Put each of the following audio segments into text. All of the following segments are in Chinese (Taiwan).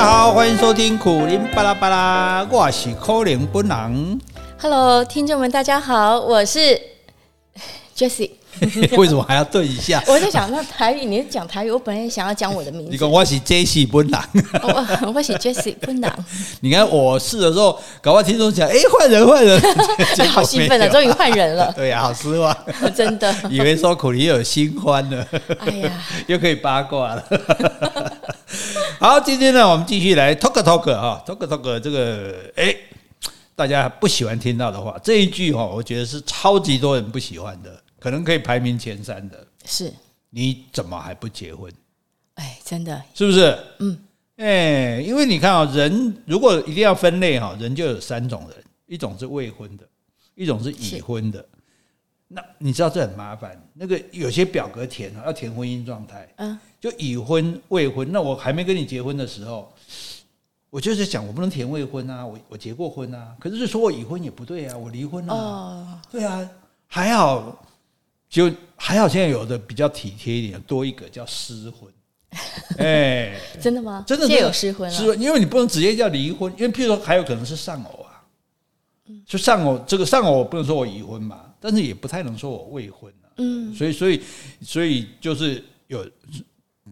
大家好，歡迎收聽《苦苓巴拉巴拉》，我是苦苓本郎。Hello，聽眾們，大家好，我是 Jessie。 為什麼還要對一下？ 我在想，那台語，你講台語，我本來也想要講我的名字。你看 ，oh，我是 Jessie 本郎。我我是 Jessie 本郎。你看我試的時候，搞不好聽眾講，哎，欸，換人，換人，好興奮啊！終於換人了。對呀，啊，好失望，真的，以為說苦苓又有新歡了。哎呀，又可以八卦了。 好，今天呢，我們繼續來 talk talk 哈 talk talk，這個哎，大家不喜歡聽到的話，這一句哈，我覺得是超級多人不喜歡的，可能可以排名前三的。是，你怎麼還不結婚？哎，真的，是不是？嗯，哎，因為你看啊、哦，人如果一定要分類哈，人就有三種人，一種是未婚的，一種是已婚的。那你知道這很麻煩，那個有些表格填啊，要填婚姻狀態，嗯，就已婚、未婚。那我還沒跟你結婚的時候，我就是在想，我不能填未婚啊，我我結過婚啊。可是，就是說，我已婚也不對啊，我離婚了，哦，對啊。還好，就還好，現在有的比較體貼一點，多一個叫失婚，哎 欸，真的嗎？真的婚，就有失婚了，因為你不能直接叫離婚，因為譬如說還有可能是喪偶啊，就喪偶，這個喪偶不能說我已婚嘛。但是也不太能說我未婚，啊，嗯所，所以所以所以就是有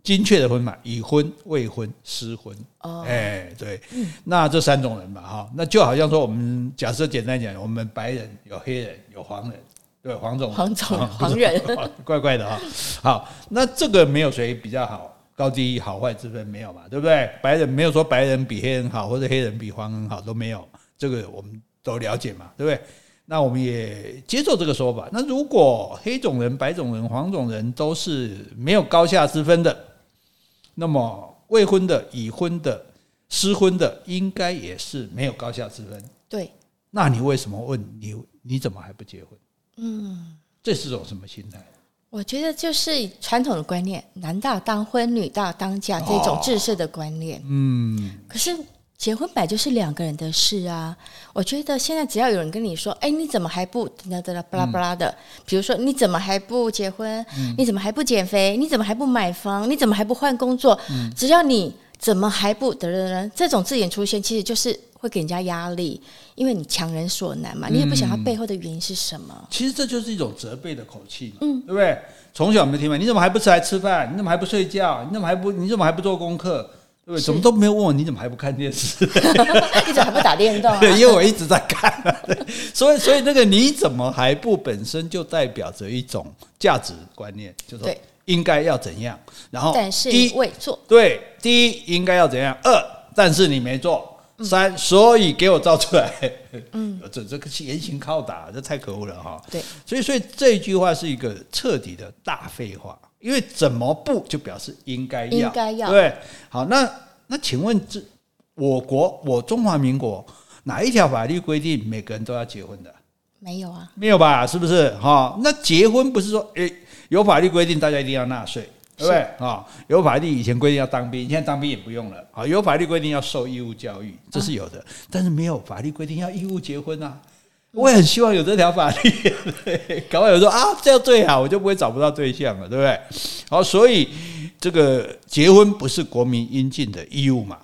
精確的婚嘛，已婚、未婚、失婚，哎，哦欸，對，嗯，那這三種人嘛，哈，那就好像說我們假設簡單講，我們白人有黑人有黃人，對，黃種黃種，黃人怪怪的哈，好，那這個沒有誰比較好，高低好壞之分沒有嘛，對不對？白人沒有說白人比黑人好，或者黑人比黃人好都沒有，這個我們都了解嘛，對不對？那我們也接受這個說法。那如果黑種人、白種人、黃種人都是沒有高下之分的，那麼未婚的、已婚的、失婚的，應該也是沒有高下之分。對，那你為什麼問你？你怎麼還不結婚？嗯，這是種什麼心態？我覺得就是傳統的觀念，男大當婚，女大當嫁這種制式的觀念，哦。嗯，可是。結婚本來就是兩個人的事啊！我覺得現在只要有人跟你說：“哎，你怎麼還不……”得噠巴拉巴拉的。比如說，你怎麼還不結婚，嗯？你怎麼還不減肥？你怎麼還不買房？你怎麼還不換工作？嗯、只要你怎麼還不……得噠噠，這種字眼出現，其實就是會給人家壓力，因為你強人所難嘛。你也不想他背後的原因是什麼、嗯。其實這就是一種責備的口氣嗯，對不對？從小我們聽嘛，你怎麼還不出來吃飯？你怎麼還不睡覺？你怎麼還不……你怎麼還不做功課？對，什麼都沒有問我，你怎麼還不看電視？ 一直還不打電動、啊？ 對，因為我一直在看、啊。所以，所以那個你怎麼還不本身就代表着一種價值觀念，就說對，應該要怎樣。然後，但是一未做。對，第一應該要怎樣？二，但是你沒做。嗯、三，所以給我招出來。 嗯，這這個嚴刑拷打，這太可惡了哈。對，所以，所以這句話是一個徹底的大廢話。因為怎麼不就表示應該要，應該要對，對？好，那那請問這我國我中華民國哪一條法律規定每個人都要結婚的？沒有啊，沒有吧？是不是？哈、哦，那結婚不是說誒有法律規定大家一定要納稅，對？哈、哦，有法律以前規定要當兵，現在當兵也不用了。好，有法律規定要受義務教育，這是有的，啊、但是沒有法律規定要義務結婚啊。我也很希望有這條法律對。搞不好有人說，啊這樣最好，我就不會找不到對象了，對不對？好，所以這個結婚不是國民應盡的義務嘛？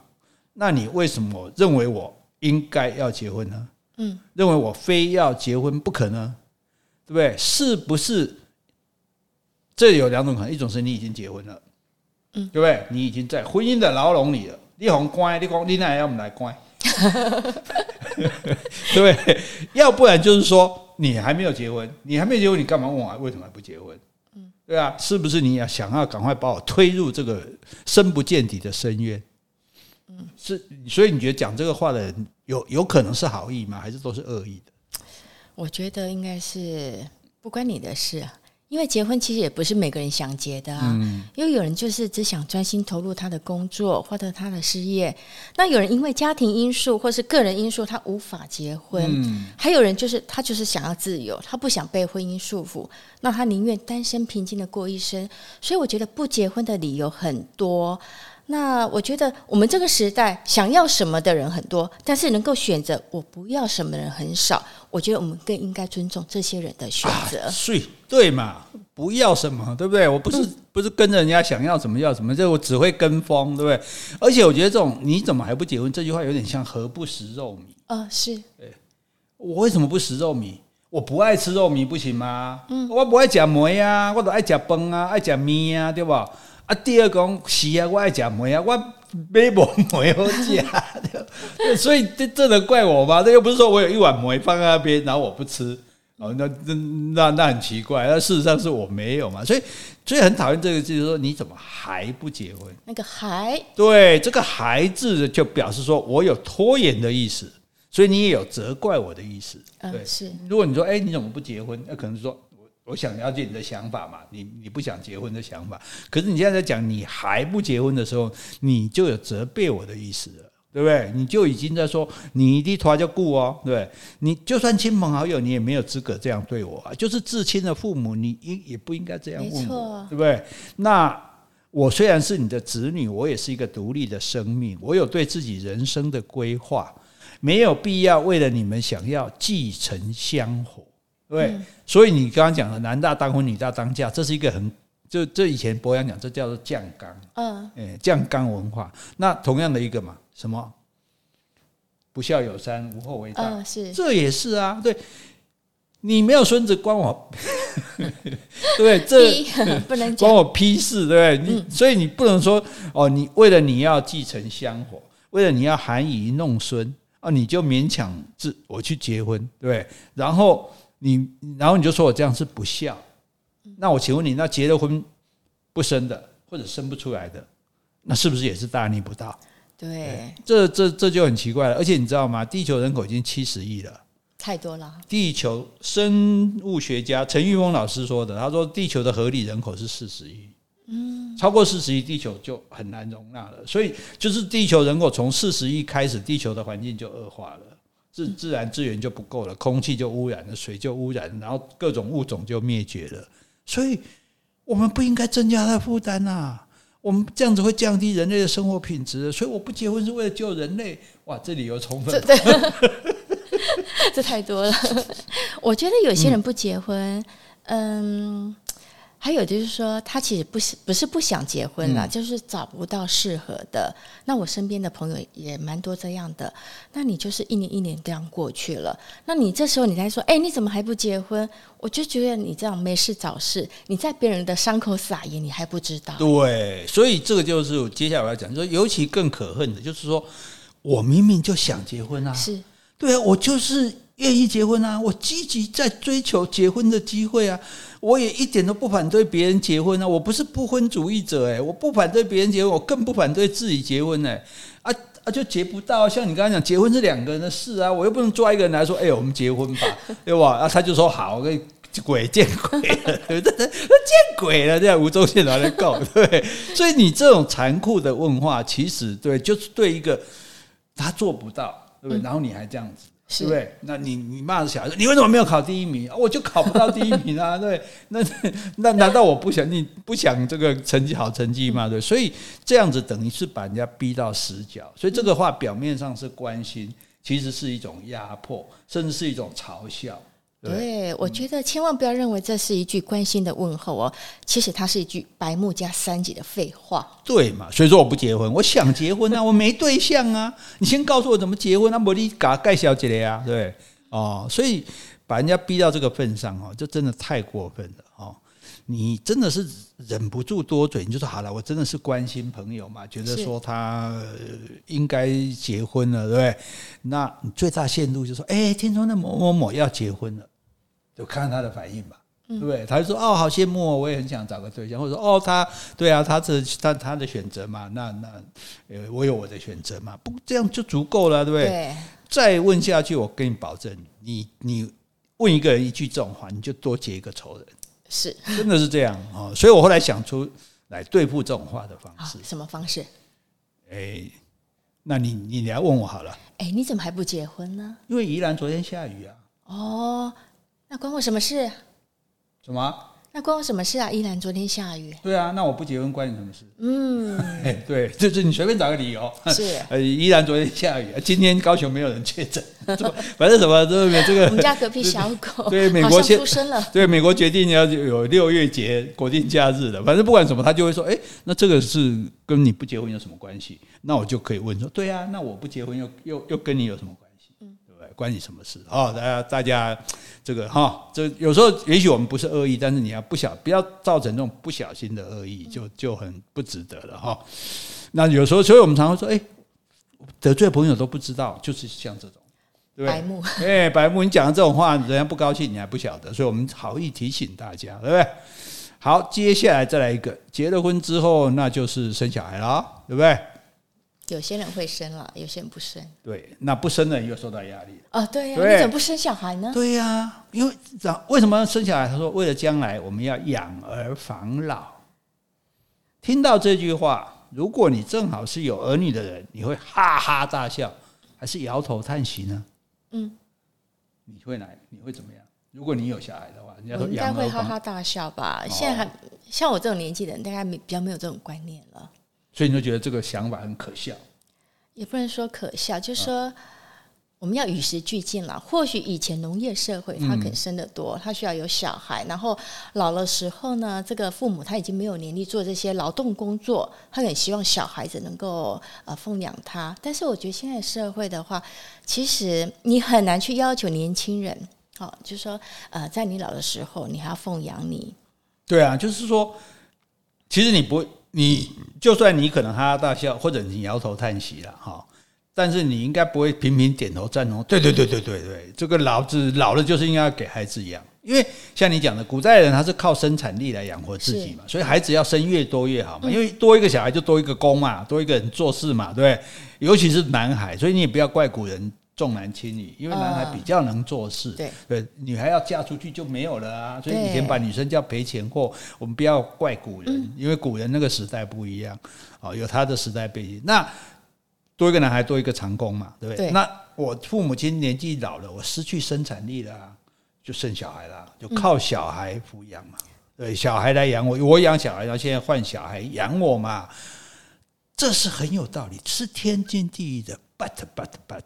那你為什麼認為我應該要結婚呢？嗯，認為我非要結婚不可呢，對不對？是不是？這有兩種可能，一種是你已經結婚了，嗯，對不對？你已經在婚姻的牢籠裡了。你很乖，你講你哪要我們來乖。 對，要不然就是說你還沒有結婚，你還沒有結婚，你幹嘛問我為什麼還不結婚？對啊，是不是你要想要趕快把我推入這個深不見底的深淵？是，所以你覺得講這個話的人有有可能是好意嗎？還是都是惡意的？我覺得應該是不關你的事啊。因為結婚其實也不是每個人想結的啊，嗯、因為有人就是只想專心投入他的工作或者他的事業，那有人因為家庭因素或是個人因素他無法結婚，嗯、還有人就是他就是想要自由，他不想被婚姻束縛，那他寧願單身平靜的過一生。所以我覺得不結婚的理由很多。那我覺得我們這個時代想要什麼的人很多，但是能夠選擇我不要什麼的人很少。我覺得我們更應該尊重這些人的選擇。對、啊、對嘛，不要什麼，對不對？我不是、嗯、不是跟着人家想要什麼要什麼，這我只會跟風，對不對？而且我覺得這種你怎麼還不結婚這句話，有點像何不食肉糜啊？是、嗯，我為什麼不食肉糜？我不愛吃肉糜，不行嗎？嗯、我不愛食糜呀，我都愛食飯啊，愛食面呀，對吧？啊，第二個是啊，我愛食糜呀，我。微博沒有假的， 所以這這能怪我嗎？這又不是說我有一碗飯放在那邊，然後我不吃，然、哦、後那那那很奇怪。但事實上是我沒有嘛，所以所以很討厭這個，就是說你怎麼還不結婚？那個還？對，這個“還”字就表示說我有拖延的意思，所以你也有責怪我的意思。對，呃、是。如果你說誒，你怎麼不結婚？那可能是說。我想了解你的想法嘛，你你不想結婚的想法，可是你現在在講你還不結婚的時候，你就有責備我的意思了，對不對？你就已經在說你一拖就顧哦，對不對？你就算親朋好友，你也沒有資格這樣對我啊！就是至親的父母，你也也不應該這樣問我，對不對？那我雖然是你的子女，我也是一個獨立的生命，我有對自己人生的規劃，沒有必要為了你們想要繼承香火。對，對、嗯，所以你剛剛講的男大當婚，女大當嫁”，這是一個很就這以前柏楊講，這叫做缸“醬、呃、缸”，嗯，醬缸文化”。那同樣的一個嘛，什麼“不孝有三，無後為大”，呃、這也是啊。對，你沒有孫子，關我， 對，這不能關我屁事，對不對？你、嗯、所以你不能說哦，你為了你要繼承香火，為了你要含飴弄孫啊、哦，你就勉強自我去結婚，對，對，然後。你然後你就說我這樣是不孝，那我請問你，那結了婚不生的，或者生不出來的，那是不是也是大逆不道？對，這這這就很奇怪了。而且你知道嗎？地球人口已經七十億了，太多了。地球生物學家陳玉峰老師說的，他說地球的合理人口是四十億，嗯，超過四十億，地球就很難容納了。所以就是地球人口從四十億開始，地球的環境就惡化了。自自然資源就不夠了，空氣就污染了，水就污染了，然後各種物種就滅絕了。所以我們不應該增加它的負擔吶、啊，我們這樣子會降低人類的生活品質。所以我不結婚是為了救人類，哇，這理由充分這， 這太多了。我覺得有些人不結婚，嗯。嗯還有就是說，他其實不是不是不想結婚了，嗯、就是找不到適合的。那我身邊的朋友也蠻多這樣的。那你就是一年一年這樣過去了，那你這時候你才說，哎、欸，你怎麼還不結婚？我就覺得你這樣沒事找事，你在別人的傷口撒鹽，你還不知道。對，所以這個就是接下來我要講，說尤其更可恨的就是說，我明明就想結婚啊，是對啊，我就是。願意結婚啊，我積極在追求結婚的機會啊，我也一點都不反對別人結婚啊，我不是不婚主義者誒、欸，我不反對別人結婚，我更不反對自己結婚誒、欸、啊啊就結不到、啊，像你剛才講，結婚是兩個人的事啊，我又不能抓一個人來說，哎、欸，我們結婚吧， 對吧？啊，他就說好，我跟鬼見鬼了，對不對？見鬼了，這樣吳宗憲哪能夠，對，所以你這種殘酷的問話，其實對，就是對一個他做不到，對不對？然後你還這樣子。是對不對？那你你罵小孩子，你為什麼沒有考第一名？我就考不到第一名啊！對，那那，那難道我不想、你不想這個成績好成績嗎？對，所以這樣子等於是把人家逼到死角。所以這個話表面上是關心，其實是一種壓迫，甚至是一種嘲笑。對，對、嗯，我覺得千萬不要認為這是一句關心的問候哦，其實它是一句白目加三姐的廢話。對嘛？所以說我不結婚，我想結婚啊，我沒對象啊。 你先告訴我怎麼結婚啊？茉莉蓋蓋小姐的呀，對，哦，所以把人家逼到這個份上哦，就真的太過分了哦。你真的是忍不住多嘴，你就說好了，我真的是關心朋友嘛，覺得說他、呃、應該結婚了，對不對？那你最大限度就是說，哎，聽說那某某某要結婚了。有看他的反應吧，嗯，對不對？他就說：“哦，好羨慕哦，我也很想找個對象。”或者說：“哦，他對啊，他是他他，他的選擇嘛，那那呃，欸，我有我的選擇嘛，不這樣就足夠了，對不對，對？”再問下去，我跟你保證，你你問一個人一句這種話，你就多結一個仇人，是真的是這樣啊！所以我後來想出來對付這種話的方式，什麼方式？誒，欸，那你你來問我好了。誒，欸，你怎麼還不結婚呢？因為宜蘭昨天下雨啊。哦。那關我什麼事，啊？什麼？那關我什麼事啊？依然昨天下雨。對啊，那我不結婚關你什麼事？嗯，哎、對，就是你隨便找個理由。是，依然昨天下雨。今天高雄沒有人確診， 反正什麼，這個這個， 我們家隔壁小狗，對美國出生了，對美國決定要有六月節國定假日的。反正不管什麼，他就會說，哎，那這個是跟你不結婚有什麼關係？那我就可以問說，對呀、啊，那我不結婚又又又跟你有什麼？關你什麼事啊？大家，大家，這個哈，這有時候也許我們不是惡意，但是你要不小，不要造成這種不小心的惡意，就就很不值得了哈。那有時候，所以我們常常說，哎、欸，得罪的朋友都不知道，就是像這種，對，對白木。哎、欸，白木，你講的這種話，人家不高興，你還不曉得，所以我們好意提醒大家，對不對？好，接下來再來一個，結了婚之後，那就是生小孩了，對不對？有些人會生了，有些人不生。對，那不生了又受到壓力了、哦、啊！對呀，你怎麼不生小孩呢？對呀、啊，因為……為什麼生小孩？他說：“為了將來，我們要養兒防老。”聽到這句話，如果你正好是有兒女的人，你會哈哈大笑，還是搖頭嘆息呢？嗯，你會來，你會怎麼樣？如果你有小孩的話，人家說應該會哈哈大笑吧？現在還、哦、像我這種年紀的人，大概沒比較沒有這種觀念了。所以你就覺得這個想法很可笑，也不能說可笑，就是說我們要與時俱進了。或許以前農業社會，他肯生的多，他需要有小孩，然後老了時候呢，這個父母他已經沒有能力做這些勞動工作，他很希望小孩子能夠呃奉養他。但是我覺得現在社會的話，其實你很難去要求年輕人，好，就是說呃，在你老的時候，你還要奉養你。對啊，就是說，其實你不會。你就算你可能哈哈大笑，或者你搖頭嘆息了哈，但是你應該不會頻頻點頭贊同。對對對對對對，這個老子老了就是應該要給孩子養，因為像你講的，古代人他是靠生產力來養活自己嘛，所以孩子要生越多越好嘛，因為多一個小孩就多一個工嘛，多一個人做事嘛，對不對？尤其是男孩，所以你也不要怪古人，重男輕女，因為男孩比較能做事，啊、對對，女孩要嫁出去就沒有了啊。所以以前把女生叫賠錢貨，我們不要怪古人，嗯，因為古人那個時代不一樣啊，哦，有他的時代背景。那多一個男孩多一個長工嘛，對不對，對？那我父母親年紀老了，我失去生產力了，就生小孩了，就靠小孩撫養嘛，嗯。對，小孩來養我，我養小孩，然後現在換小孩養我嘛，這是很有道理，是天經地義的。But but but。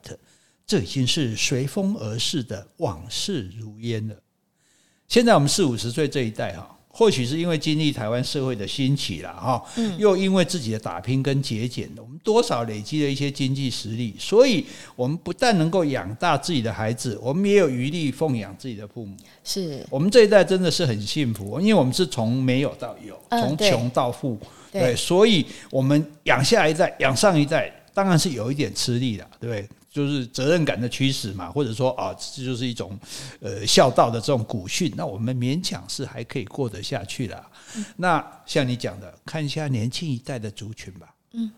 這已經是隨風而逝的往事如煙了。現在我們四五十歲這一代哈，或許是因為經歷台灣社會的興起了哈，又因為自己的打拼跟節儉，我們多少累積了一些經濟實力，所以我們不但能夠養大自己的孩子，我們也有餘力奉養自己的父母。是，我們這一代真的是很幸福，因為我們是從沒有到有，從窮到富，對，所以我們養下一代、養上一代，當然是有一點吃力的，對。就是責任感的驅使嘛，或者說啊，這就是一種呃孝道的這種古訓，那我們勉強是還可以過得下去的、嗯。那像你講的，看一下年輕一代的族群吧。嗯，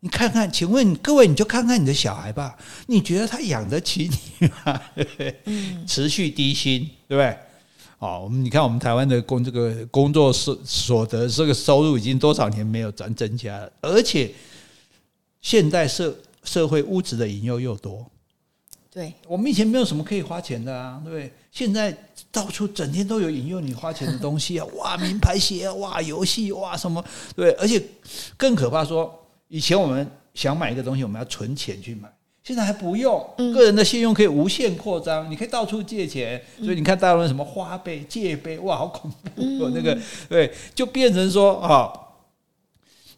你看看，請問各位，你就看看你的小孩吧，你覺得他養得起你嗎？ 持續低薪，對不對、嗯？哦，我們你看，我們台灣的工這個工作所所得這個收入，已經多少年沒有增增加了，而且現代社。社會物質的引誘又多對，對，我們以前沒有什麼可以花錢的啊，對，對，現在到處整天都有引誘你花錢的東西啊，哇，名牌鞋，哇，遊戲，哇，什麼？對，對，而且更可怕說，說以前我們想買一個東西，我們要存錢去買，現在還不用，個人的信用可以無限擴張，你可以到處借錢，所以你看大陸什麼花唄、借唄，哇，好恐怖、哦，那個對，就變成說啊、哦，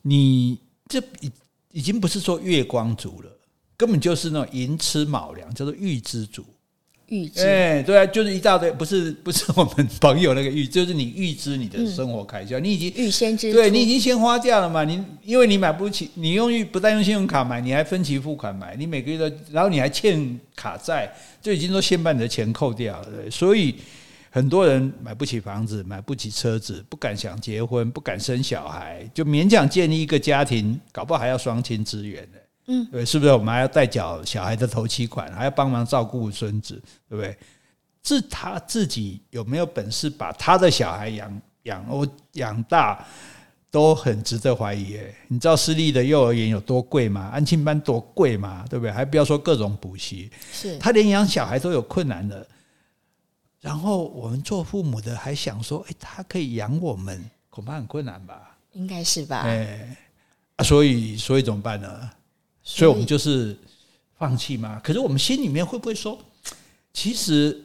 你這。已經不是說月光族了，根本就是那種寅吃卯糧，叫做預支族。預支，哎、欸，對啊，就是一大堆，不是不是我們朋友那個預，就是你預支你的生活開銷，嗯、你已經預先支出，對，你已經先花掉了嘛，你因為你買不起，你用不但用信用卡買，你還分期付款買，你每個月都，然後你還欠卡債，就已經都先把你的錢扣掉了，所以。很多人買不起房子，買不起車子，不敢想結婚，不敢生小孩，就勉強建立一個家庭，搞不好還要雙親支援，嗯，對，是不是？我們還要代繳小孩的頭期款，還要幫忙照顧孫子，對不對？是他自己有沒有本事把他的小孩養養、哦，養大，都很值得懷疑耶。你知道私立的幼兒園有多貴嗎？安親班多貴嗎？對不對？還不要說各種補習，是他連養小孩都有困難的。然後我們做父母的還想說，哎、欸，他可以養我們，恐怕很困難吧？應該是吧？哎、欸啊，所以所以怎麼辦呢？所以，所以我們就是放棄嘛。可是我們心裡面會不會說，其實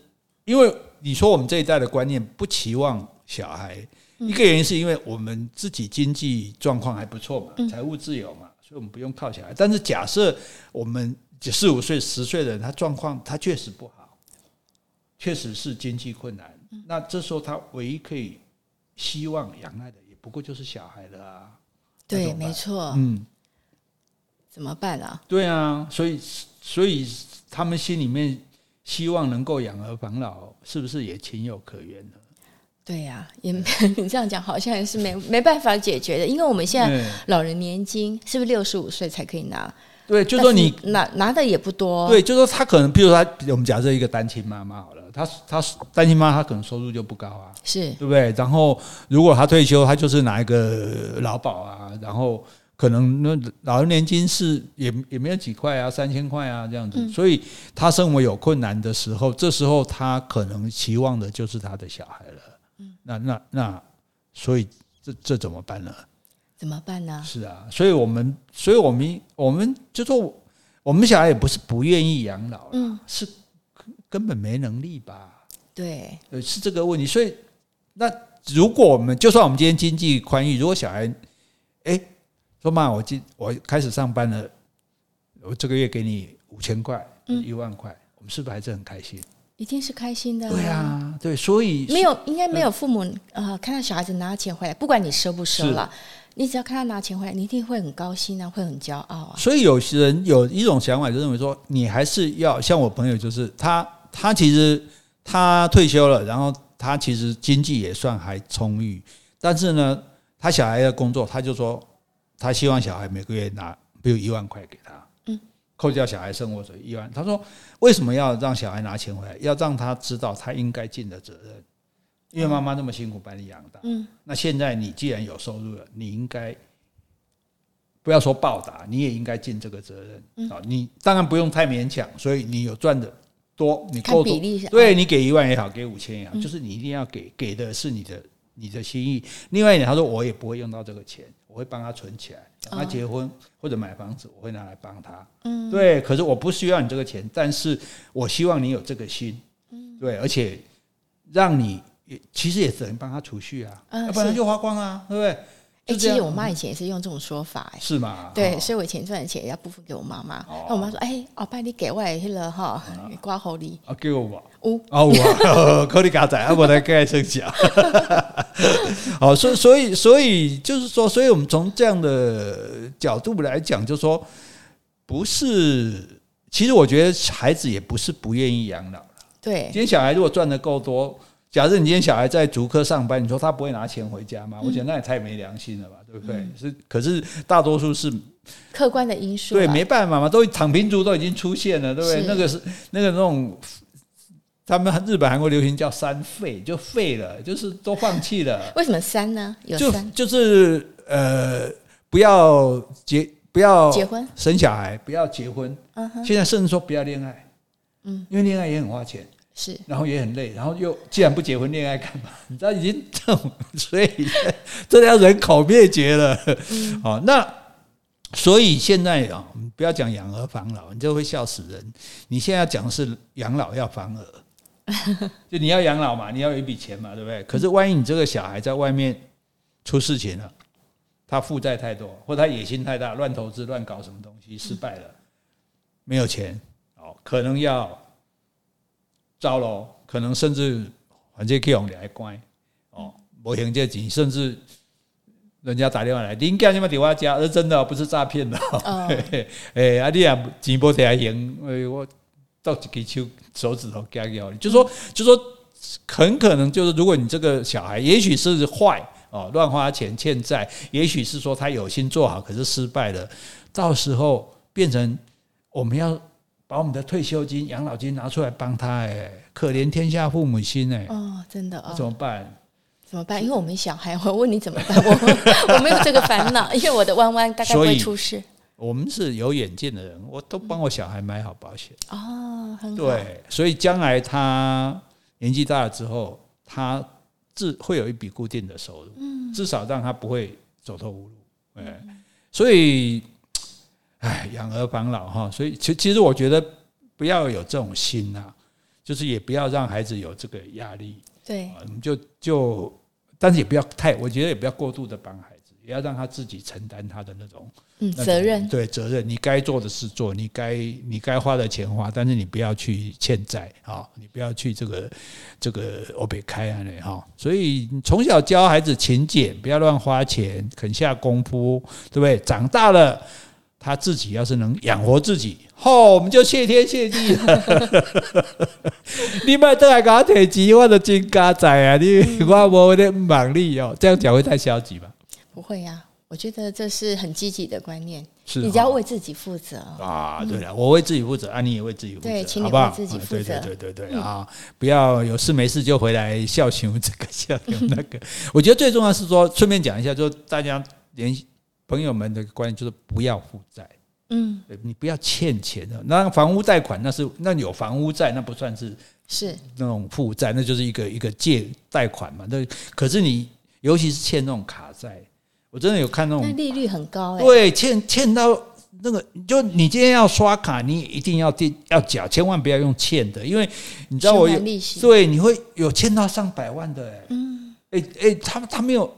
因為你說我們這一代的觀念不期望小孩，嗯、一個原因是因為我們自己經濟狀況還不錯嘛、嗯，財務自由嘛，所以我們不用靠小孩。但是假設我們四五歲、十歲的人，他狀況他確實不好。確實是經濟困難，那這時候他唯一可以希望養愛的，也不過就是小孩了啊。對，沒錯。嗯，怎麼辦啊？對啊，所以所以他們心裡面希望能夠養兒防老，是不是也情有可原的？對呀、啊，也你這樣講好像也是沒 沒辦法解決的，因為我們現在老人年金是不是六十五歲才可以拿？對，就說你是拿拿的也不多。對，就說他可能，譬如他比如說，我們假設一個單親媽媽，媽好了，他他單親媽，他可能收入就不高啊，是，對不對？然後如果他退休，他就是拿一個勞保啊，然後可能那老人年金是也也沒有幾塊啊，三千塊啊這樣子，嗯，所以他生活有困難的時候，這時候他可能期望的就是他的小孩了。嗯，那那那，所以這這怎麼辦呢？怎麼辦呢？是啊，所以我們所以我們我們就說，我們小孩也不是不願意養老，嗯，是根本沒能力吧？對，呃，是這個問題。所以，那如果我們就算我們今天經濟寬裕，如果小孩哎說媽，我今我開始上班了，我這個月給你五千塊，就是一萬塊，嗯，我們是不是還是很開心？一定是開心的。對啊，對，所以沒有，應該沒有父母啊，呃，呃，看到小孩子拿到錢回來，不管你收不收了。你只要看他拿錢回來，你一定會很高興啊，會很驕傲啊。所以有些人有一種想法，就認為說，你還是要像我朋友，就是他，他其實他退休了，然後他其實經濟也算還充裕，但是呢，他小孩要工作，他就說他希望小孩每個月拿比如一萬塊給他，嗯，扣掉小孩生活費一萬，他說為什麼要讓小孩拿錢回來，要讓他知道他應該盡的責任。因為媽媽那麼辛苦把你養大，嗯，那現在你既然有收入了，你應該不要說報答，你也應該盡這個責任啊，嗯。你當然不用太勉強，所以你有賺的多，你夠比例，對，你給一萬也好，給五千也好，嗯，就是你一定要給，給的是你的你的心意。另外一點，他說我也不會用到這個錢，我會幫他存起來，等他結婚，哦，或者買房子，我會拿來幫他，嗯。對。可是我不需要你這個錢，但是我希望你有這個心，嗯，對，而且讓你。其實也只能幫他儲蓄啊，要不然就花光啊、嗯，對不對？哎，其實我媽以前也是用這種說法是嗎？對、哦，所以我以前賺的錢也要部分給我媽媽。那、哦、我媽說：“哎，阿爸你給我迄、那個哈刮好利啊，給我吧。”哦，可以加債啊，不能跟人家生氣啊。好，所以所以所以就是說，所以我們從這樣的角度來講，就是說不是，其實我覺得孩子也不是不願意養老。對，今天小孩如果賺得夠多。假設你今天小孩在竹科上班，你說他不會拿錢回家嗎？我覺得那也太沒良心了吧，嗯、對不對？是，可是大多數是客觀的因素、啊。對，沒辦法嘛，都躺平族都已經出現了，對不對？那個是那個那種，他們日本韓國流行叫三廢，就廢了，就是都放棄了。為什麼三呢？有三，就、就是呃，不要結，不要結婚，生小孩，不要結婚、啊。現在甚至說不要戀愛，嗯，因為戀愛也很花錢。是，然後也很累，然後又既然不結婚，戀愛幹嘛？你知道已經這麼，所以這條人口滅絕了。 好，那所以現在啊，不要講養兒防老，你就會笑死人。你現在要講的是養老要防兒， 就你要養老嘛，你要有一筆錢嘛，對不對？可是萬一你這個小孩在外面出事情了，他負債太多，或者他野心太大，亂投資、亂搞什麼東西失敗了， 沒有錢，可能要。糟了，可能甚至反正去銀行來關哦，沒還這錢，甚至人家打電話來，您家什麼電話加？而真的、哦、不是詐騙的，哎，阿弟啊，錢沒得還，哎，我到自己抽手指頭加去。就說，就說，很可能就是，如果你這個小孩，也許是壞哦，亂花錢欠債，也許是說他有心做好，可是失敗了，到時候變成我們要。把我們的退休金、養老金拿出來幫他哎，可憐天下父母心哎！哦，真的啊、哦哦，怎麼辦？怎麼辦？因為我們小孩，我問你怎麼辦？我 我沒有這個煩惱，因為我的彎彎大概會出事。我們是有遠見的人，我都幫我小孩買好保險哦，對。所以將來他年紀大了之後，他自會有一筆固定的收入，嗯、至少讓他不會走投無路哎、嗯。所以。唉，養兒防老哈，所以其其實我覺得不要有這種心啊，就是也不要讓孩子有這個壓力。對，你、嗯、就就，但是也不要太，我覺得也不要過度的幫孩子，也要讓他自己承擔他的那種、嗯、那種責任。對，責任，你該做的事做，你該你該花的錢花，但是你不要去欠債、哦、你不要去這個這個歐北開啊嘞哈。所以你從小教孩子勤儉，不要亂花錢，肯下功夫，對不對？長大了。他自己要是能養活自己，吼、oh，我們就謝天謝地了， 了。你們都還搞鐵雞或者金瓜仔啊？你、嗯、話我有點蠻力哦，這樣講會太消極吧？不會呀，啊，我覺得這是很積極的觀念。是，啊，你只要為自己負責啊。對了，我為自己負責，啊，你也為自己負責,責，好不好？自己負責，對對對對對，嗯、啊！不要有事沒事就回來笑窮這個笑那個。嗯、 我覺得最重要是說，順便講一下，就大家聯繫。朋友們的觀念就是不要負債，嗯，你不要欠錢的。那房屋貸款那是那有房屋債，那不算是是那種負債，那就是一個一個借貸款嘛。那可是你尤其是欠那種卡債，我真的有看那種利率很高，對，欠欠到那個就你今天要刷卡，你也一定要墊要繳，千萬不要用欠的，因為你知道我有利息，對，你會有欠到上百萬的，嗯，哎哎，他他沒有。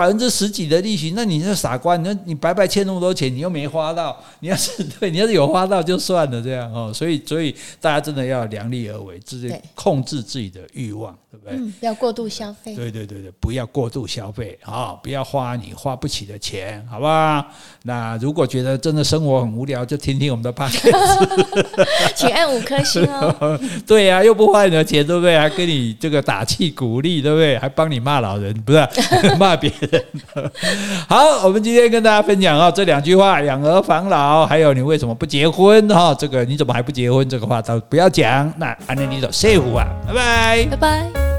百分之十幾的利息，那你是傻瓜，你白白欠那麼多錢，你又沒花到。你要是對，你要是有花到就算了這樣哦。所以，所以大家真的要量力而為，自己控制自己的欲望對，對不對？嗯，要過度消費。對對對對，不要過度消費啊、哦！不要花你花不起的錢，好不好？那如果覺得真的生活很無聊，就聽聽我們的 podcast，請按五顆星哦。對啊，又不花你的錢，對不對？還跟你這個打氣鼓勵，對不對？還幫你罵老人，不是、啊、 罵別人。 好，我們今天跟大家分享哦，這兩句話：養兒防老，還有你為什麼不結婚、哦？哈，這個你怎麼還不結婚？這個話都不要講。那安妮你走。謝謝啊，拜拜，拜拜。拜拜